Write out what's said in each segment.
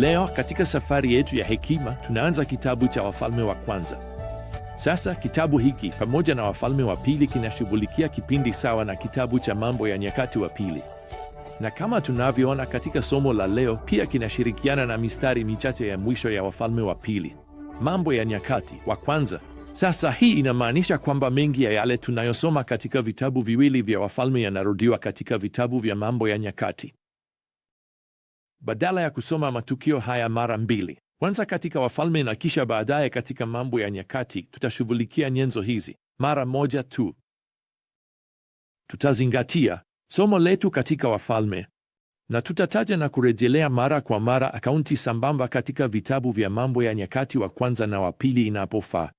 Leo katika safari yetu ya hekima tunaanza kitabu cha Wafalme wa Kwanza. Sasa kitabu hiki pamoja na Wafalme wa Pili kinashughulikia kipindi sawa na kitabu cha Mambo ya Nyakati wa Pili, na kama tunavyoona katika somo la leo, pia kinashirikiana na mistari michache ya mwisho ya Wafalme wa Pili, Mambo ya Nyakati wa Kwanza. Sasa hii inamaanisha kwamba mengi ya yale tunayosoma katika vitabu viwili vya Wafalme yanarudiwa katika vitabu vya Mambo ya Nyakati badala ya kusoma matukio haya mara mbili, kwanza katika Wafalme na kisha baadaye katika Mambo ya Nyakati, tutashughulikia nyenzo hizi mara moja tu. Tutazingatia somo letu katika Wafalme na tutataja na kurejelea mara kwa mara akaunti sambamba katika vitabu vya Mambo ya Nyakati wa kwanza na wa pili inapofaa.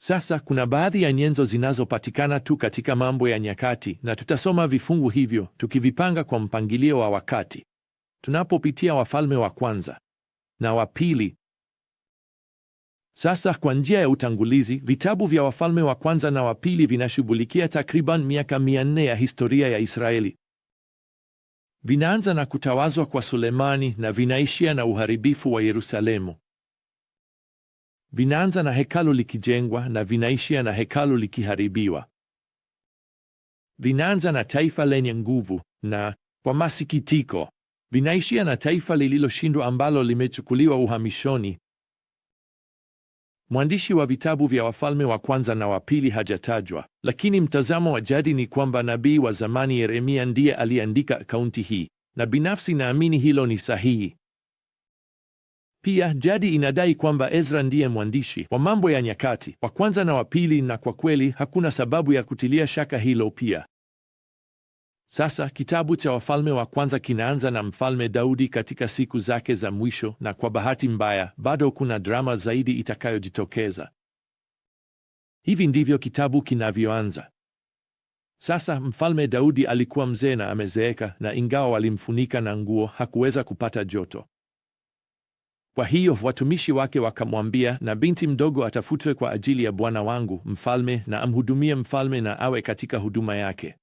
Sasa kuna baadhi ya nyenzo zinazopatikana tu katika Mambo ya Nyakati, na tutasoma vifungu hivyo tukivipanga kwa mpangilio wa wakati tunapopitia Wafalme wa Kwanza na wa Pili. Sasa kwa njia ya utangulizi, vitabu vya Wafalme wa Kwanza na wa Pili vinashughulikia takriban miaka 400 ya historia ya Israeli. Vinaanza na kutawazwa kwa Sulemani na vinaishia na uharibifu wa Yerusalemu. Vinaanza na hekalu likijengwa na vinaishia na hekalu likiharibiwa. Vinaanza na taifa lenye nguvu na kwa masikitiko vinaishia na taifa lililoshindwa ambalo limechukuliwa uhamishoni. Mwandishi wa vitabu vya Wafalme wa Kwanza na wa Pili hajatajwa, lakini mtazamo wa jadi ni kwamba nabii wa zamani Yeremia ndiye aliandika akaunti hii, na binafsi naamini hilo ni sahihi. Pia jadi inadai kwamba Ezra ndiye mwandishi wa Mambo ya Nyakati wa Kwanza na wa Pili, na kwa kweli hakuna sababu ya kutilia shaka hilo pia. Sasa kitabu cha Wafalme wa Kwanza kinaanza na Mfalme Daudi katika siku zake za mwisho, na kwa bahati mbaya bado kuna drama zaidi itakayojitokeza. Hivi ndivyo kitabu kinavyoanza. Sasa Mfalme Daudi alikuwa mzee na amezeeka, na ingawa walimfunika na nguo, hakuweza kupata joto. Kwa hiyo watumishi wake wakamwambia, na binti mdogo atafutwe kwa ajili ya bwana wangu mfalme, na amhudumie mfalme na awe katika huduma yake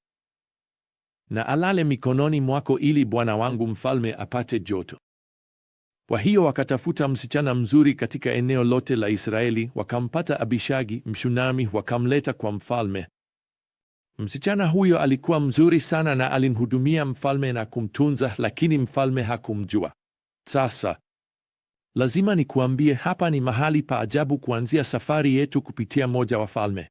na alale mikononi mwako, ili bwana wangu mfalme apate joto. Kwa hiyo wakatafuta msichana mzuri katika eneo lote la Israeli, wakampata Abishagi Mshunami, wakamleta kwa mfalme. Msichana huyo alikuwa mzuri sana na alimhudumia mfalme na kumtunza, lakini mfalme hakumjua. Sasa lazima nikuambie, hapa ni mahali pa ajabu kuanzia safari yetu kupitia moja wa falme.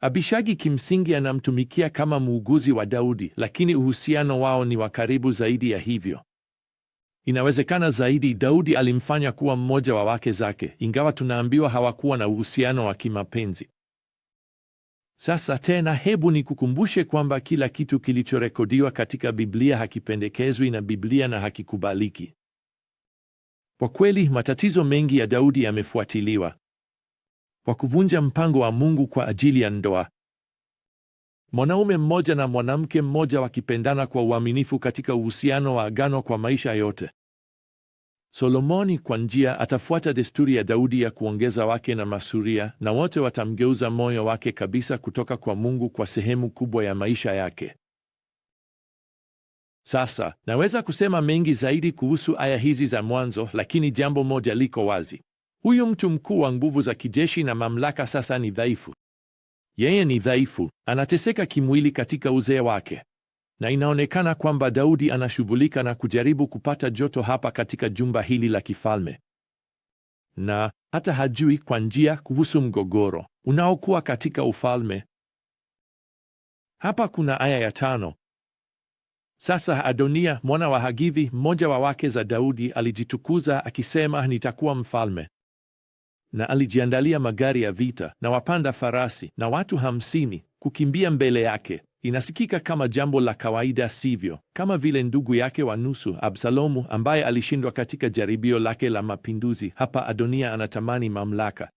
Abishagi kimsingi anamtumikia kama muuguzi wa Daudi, lakini uhusiano wao ni wa karibu zaidi ya hivyo. Inawezekana zaidi Daudi alimfanya kuwa mmoja wa wake zake, ingawa tunaambiwa hawakuwa na uhusiano wa kimapenzi. Sasa tena, hebu nikukumbushe kwamba kila kitu kilichorekodiwa katika Biblia hakipendekezwi na Biblia na hakikubaliki. Kwa kweli matatizo mengi ya Daudi yamefuatiliwa kwa kuvunja mpango wa Mungu kwa ajili ya ndoa. Mwanaume mmoja na mwanamke mmoja wakipendana kwa uaminifu katika uhusiano wa agano kwa maisha yote. Solomoni kwa njia atafuata desturi ya Daudi ya kuongeza wake na masuria, na wote watamgeuza moyo wake kabisa kutoka kwa Mungu kwa sehemu kubwa ya maisha yake. Sasa naweza kusema mengi zaidi kuhusu aya hizi za mwanzo, lakini jambo moja liko wazi. Huyu mtu mkuu wa nguvu za kijeshi na mamlaka sasa ni dhaifu. Yeye ni dhaifu, anateseka kimwili katika uzee wake, na inaonekana kwamba Daudi anashughulika na kujaribu kupata joto hapa katika jumba hili la kifalme, na hata hajui kwa njia kuhusu mgogoro unaokuwa katika ufalme. Hapa kuna aya ya tano. Sasa Adonia mwana wa Hagithi, mmoja wa wake za Daudi, alijitukuza akisema, nitakuwa mfalme na alijiandalia magari ya vita na wapanda farasi na watu hamsini kukimbia mbele yake. Inasikika kama jambo la kawaida, sivyo? Kama vile ndugu yake wa nusu Absalomu, ambaye alishindwa katika jaribio lake la mapinduzi. Hapa Adonia anatamani mamlaka.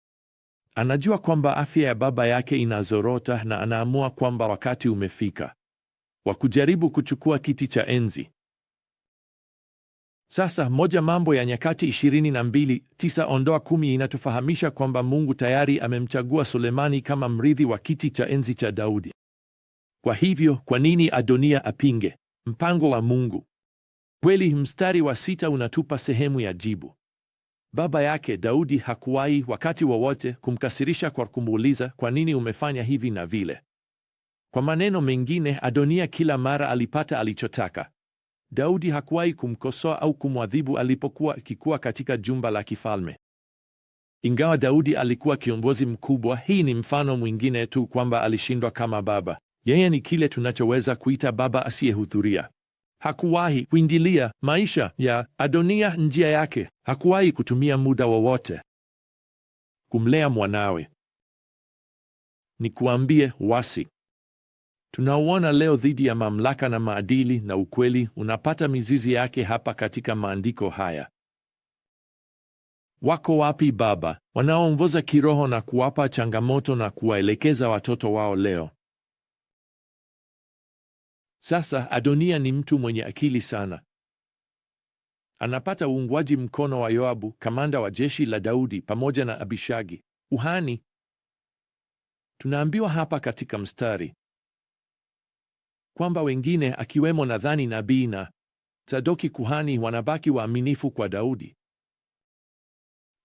Anajua kwamba afya ya baba yake inazorota na anaamua kwamba wakati umefika wa kujaribu kuchukua kiti cha enzi. Sasa moja Mambo ya Nyakati 22:9 ondoa kumi inatufahamisha kwamba Mungu tayari amemchagua Sulemani kama mrithi wa kiti cha enzi cha Daudi. Kwa hivyo, kwa nini Adonia apinge mpango wa Mungu? Kweli, mstari wa sita unatupa sehemu ya jibu. Baba yake Daudi hakuwahi wakati wowote wa kumkasirisha kwa kumuuliza kwa nini umefanya hivi na vile. Kwa maneno mengine, Adonia kila mara alipata alichotaka. Daudi hakuwahi kumkosoa au kumwadhibu alipokuwa akikuwa katika jumba la kifalme. Ingawa Daudi alikuwa kiongozi mkubwa, hii ni mfano mwingine tu kwamba alishindwa kama baba. Yeye ni kile tunachoweza kuita baba asiyehudhuria. Hakuwahi kuingilia maisha ya Adonia njia yake. Hakuwahi kutumia muda wowote kumlea mwanawe. Nikuambie wasi tunauona leo dhidi ya mamlaka na maadili, na ukweli unapata mizizi yake hapa katika maandiko haya. Wako wapi baba wanaoongoza kiroho na kuwapa changamoto na kuwaelekeza watoto wao leo? Sasa Adonia ni mtu mwenye akili sana. Anapata uungwaji mkono wa Yoabu, kamanda wa jeshi la Daudi, pamoja na Abishagi, uhani. Tunaambiwa hapa katika mstari kwamba wengine akiwemo Nadhani nabii na Sadoki kuhani wanabaki waaminifu kwa Daudi.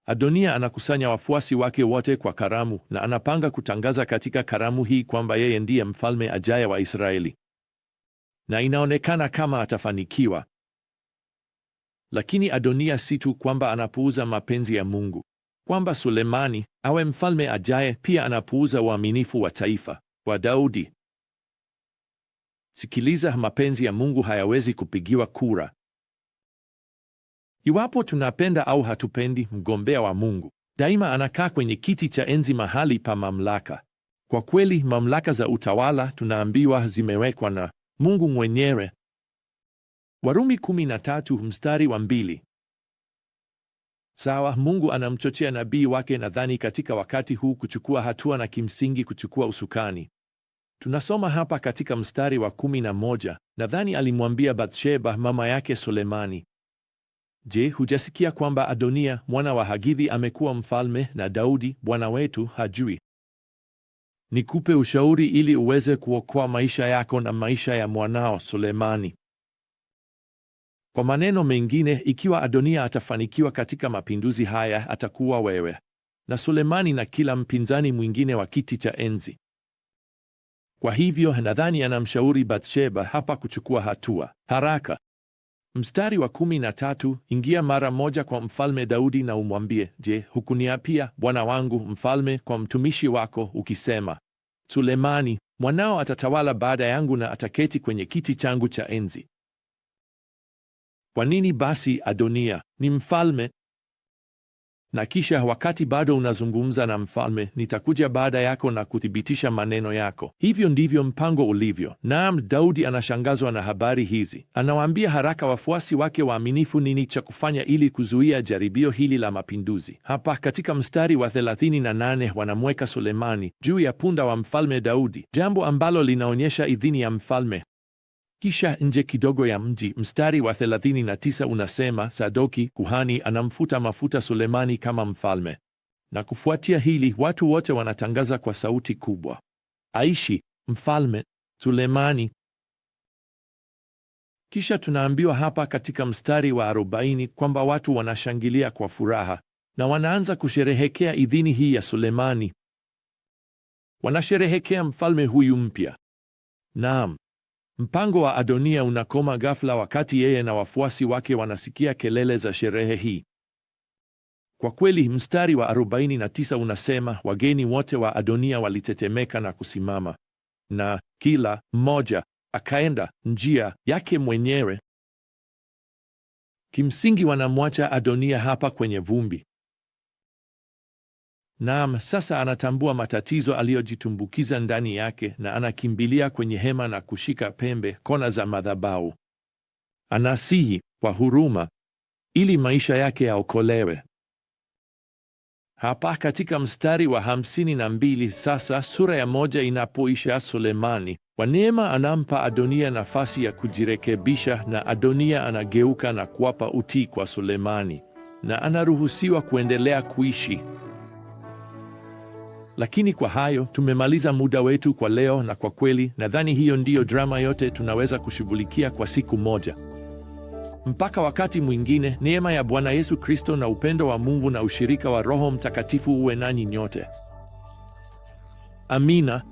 Adonia anakusanya wafuasi wake wote kwa karamu na anapanga kutangaza katika karamu hii kwamba yeye ndiye mfalme ajaye wa Israeli, na inaonekana kama atafanikiwa. Lakini Adonia si tu kwamba anapuuza mapenzi ya Mungu kwamba Sulemani awe mfalme ajaye, pia anapuuza uaminifu wa taifa kwa Daudi. Sikiliza, mapenzi ya Mungu hayawezi kupigiwa kura. Iwapo tunapenda au hatupendi, mgombea wa Mungu daima anakaa kwenye kiti cha enzi mahali pa mamlaka. Kwa kweli, mamlaka za utawala tunaambiwa zimewekwa na Mungu mwenyewe. Warumi 13 mstari wa mbili. Sawa, Mungu anamchochea nabii wake, nadhani katika wakati huu, kuchukua hatua na kimsingi kuchukua usukani Tunasoma hapa katika mstari wa kumi na moja, nadhani alimwambia Bathsheba mama yake Sulemani, Je, hujasikia kwamba Adonia mwana wa Hagithi amekuwa mfalme na Daudi bwana wetu hajui? Nikupe ushauri ili uweze kuokoa maisha yako na maisha ya mwanao Sulemani. Kwa maneno mengine, ikiwa Adonia atafanikiwa katika mapinduzi haya, atakuwa wewe na Sulemani na kila mpinzani mwingine wa kiti cha enzi. Kwa hivyo nadhani anamshauri Bathsheba hapa kuchukua hatua haraka. Mstari wa kumi na tatu, ingia mara moja kwa mfalme Daudi na umwambie, je, hukuniapia bwana wangu mfalme kwa mtumishi wako ukisema, Sulemani mwanao atatawala baada yangu na ataketi kwenye kiti changu cha enzi? Kwa nini basi Adonia ni mfalme? na kisha wakati bado unazungumza na mfalme, nitakuja baada yako na kuthibitisha maneno yako. Hivyo ndivyo mpango ulivyo. Naam, Daudi anashangazwa na habari hizi. Anawaambia haraka wafuasi wake waaminifu nini cha kufanya ili kuzuia jaribio hili la mapinduzi. Hapa katika mstari wa 38 wanamweka Sulemani juu ya punda wa mfalme Daudi, jambo ambalo linaonyesha idhini ya mfalme. Kisha nje kidogo ya mji, mstari wa 39 unasema Sadoki kuhani anamfuta mafuta Sulemani kama mfalme, na kufuatia hili watu wote wanatangaza kwa sauti kubwa, aishi mfalme Sulemani. Kisha tunaambiwa hapa katika mstari wa 40 kwamba watu wanashangilia kwa furaha na wanaanza kusherehekea idhini hii ya Sulemani. Wanasherehekea mfalme huyu mpya. Naam, Mpango wa Adonia unakoma ghafla wakati yeye na wafuasi wake wanasikia kelele za sherehe hii. Kwa kweli, mstari wa 49 unasema wageni wote wa Adonia walitetemeka na kusimama, na kila mmoja akaenda njia yake mwenyewe. Kimsingi wanamwacha Adonia hapa kwenye vumbi. Naam, sasa anatambua matatizo aliyojitumbukiza ndani yake, na anakimbilia kwenye hema na kushika pembe, kona za madhabahu. Anasihi kwa huruma ili maisha yake yaokolewe. Hapa katika mstari wa hamsini na mbili sasa sura ya moja inapoisha, Sulemani kwa neema anampa Adonia nafasi ya kujirekebisha, na Adonia anageuka na kuwapa utii kwa Sulemani na anaruhusiwa kuendelea kuishi. Lakini kwa hayo tumemaliza muda wetu kwa leo, na kwa kweli nadhani hiyo ndiyo drama yote tunaweza kushughulikia kwa siku moja. Mpaka wakati mwingine, neema ya Bwana Yesu Kristo na upendo wa Mungu na ushirika wa Roho Mtakatifu uwe nanyi nyote. Amina.